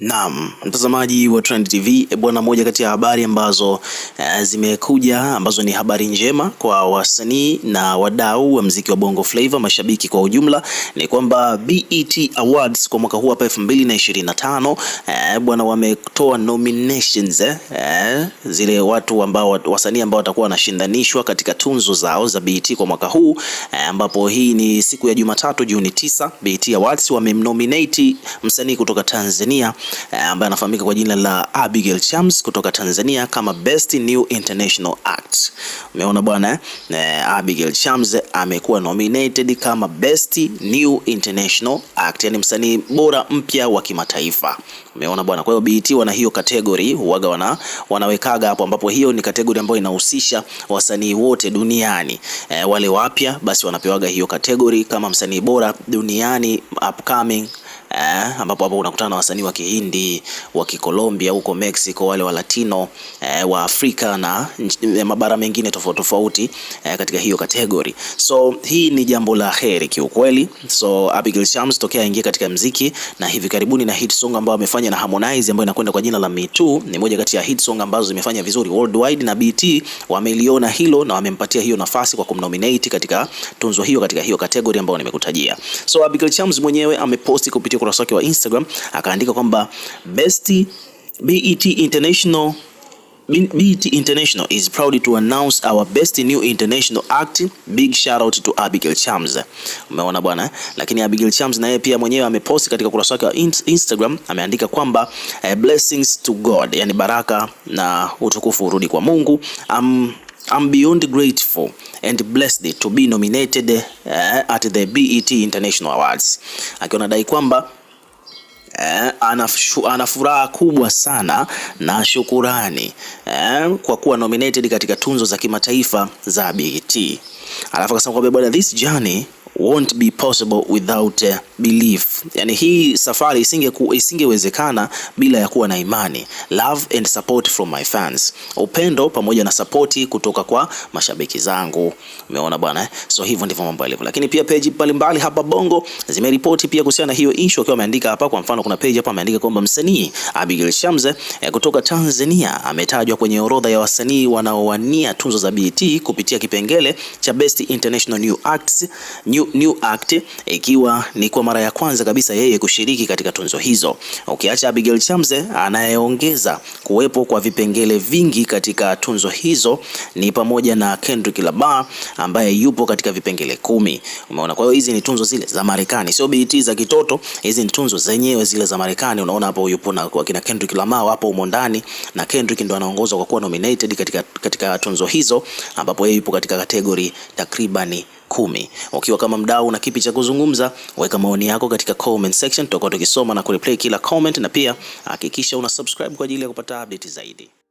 Naam, mtazamaji wa Trend TV, e bwana, moja kati ya habari ambazo uh, zimekuja ambazo ni habari njema kwa wasanii na wadau wa mziki wa Bongo Flava, mashabiki kwa ujumla, ni kwamba BET Awards kwa mwaka huu hapa 2025 uh, e, bwana, wametoa nominations eh, zile watu ambao wasanii ambao watakuwa wanashindanishwa katika tunzo zao za BET kwa mwaka huu ambapo, hii ni siku ya Jumatatu Juni 9, BET Awards wamemnominate msanii kutoka Tanzania Eh, ambaye anafahamika kwa jina la Abigail Chams kutoka Tanzania kama Best New International Act. Umeona bwana eh, eh? Abigail Chams amekuwa nominated kama Best New International Act, yani msanii bora mpya wa kimataifa. Umeona bwana, kwa hiyo BET wana hiyo category huaga wana, wanawekaga hapo ambapo hiyo ni category ambayo inahusisha wasanii wote duniani eh, wale wapya basi wanapewaga hiyo category kama msanii bora duniani upcoming eh, ambapo hapo unakutana na wasanii wa Kihindi, wa Kikolombia, huko Mexico, wale wa Latino eh, wa Afrika na eh, mabara mengine tofauti tofauti eh, katika hiyo category. So hii ni jambo la heri kiukweli. So Abigail Shams tokea aingia katika mziki na hivi karibuni na hit song ambayo amefanya na Harmonize ambayo inakwenda kwa jina la Me Too ni moja kati ya hit song ambazo zimefanya vizuri worldwide, na BT wameliona hilo na wamempatia hiyo nafasi kwa kumnominate katika tunzo hiyo katika hiyo category ambayo nimekutajia. So Abigail Shams mwenyewe ameposti kupitia ukurasa wake wa Instagram akaandika kwamba best BET International BET International is proud to announce our best new international act. Big shout out to Abigail Chams. Umeona bwana, lakini Abigail Chams na yeye pia mwenyewe ameposti katika ukurasa wake wa Instagram ameandika kwamba eh, blessings to God, yani baraka na utukufu urudi kwa Mungu. I'm I'm beyond grateful and blessed to be nominated uh, at the BET International Awards, akiwa nadai kwamba uh, ana furaha kubwa sana na shukurani uh, kwa kuwa nominated katika tunzo za kimataifa za BET. Alafu akasema kwamba bwana, this journey won't be possible without uh, belief. Yani hii safari isinge ku, isingewezekana bila ya kuwa na imani. Love and support from my fans, upendo pamoja na support kutoka kwa mashabiki zangu. Umeona bwana eh? So hivyo ndivyo mambo yalivyo, lakini pia page mbalimbali hapa Bongo zimeripoti pia kuhusiana na hiyo issue, akiwa ameandika hapa. Kwa mfano, kuna page hapa ameandika kwamba msanii Abigail Shamze eh, kutoka Tanzania ametajwa kwenye orodha ya wasanii wanaowania tuzo za BET kupitia kipengele cha Best International New Acts, New, New Act ikiwa ni kwa mara ya kwanza kabisa yeye kushiriki katika tunzo hizo, ukiacha Abigail Chamze anayeongeza kuwepo kwa vipengele vingi katika tunzo hizo ni pamoja na Kendrick Lamar ambaye yupo katika vipengele kumi. Umeona, kwa hiyo hizi ni tunzo zile za Marekani, sio BET za kitoto. Hizi ni tunzo zenyewe zile za Marekani. Unaona hapo yupo na kwa kina Kendrick Lamar hapo umo ndani, na Kendrick ndo anaongozwa kwa kuwa nominated katika, katika tunzo hizo ambapo yeye yupo katika kategori takribani kumi. Ukiwa kama mdau na kipi cha kuzungumza, weka maoni yako katika comment section, tutakuwa tukisoma na kureplay kila comment, na pia hakikisha una subscribe kwa ajili ya kupata update zaidi.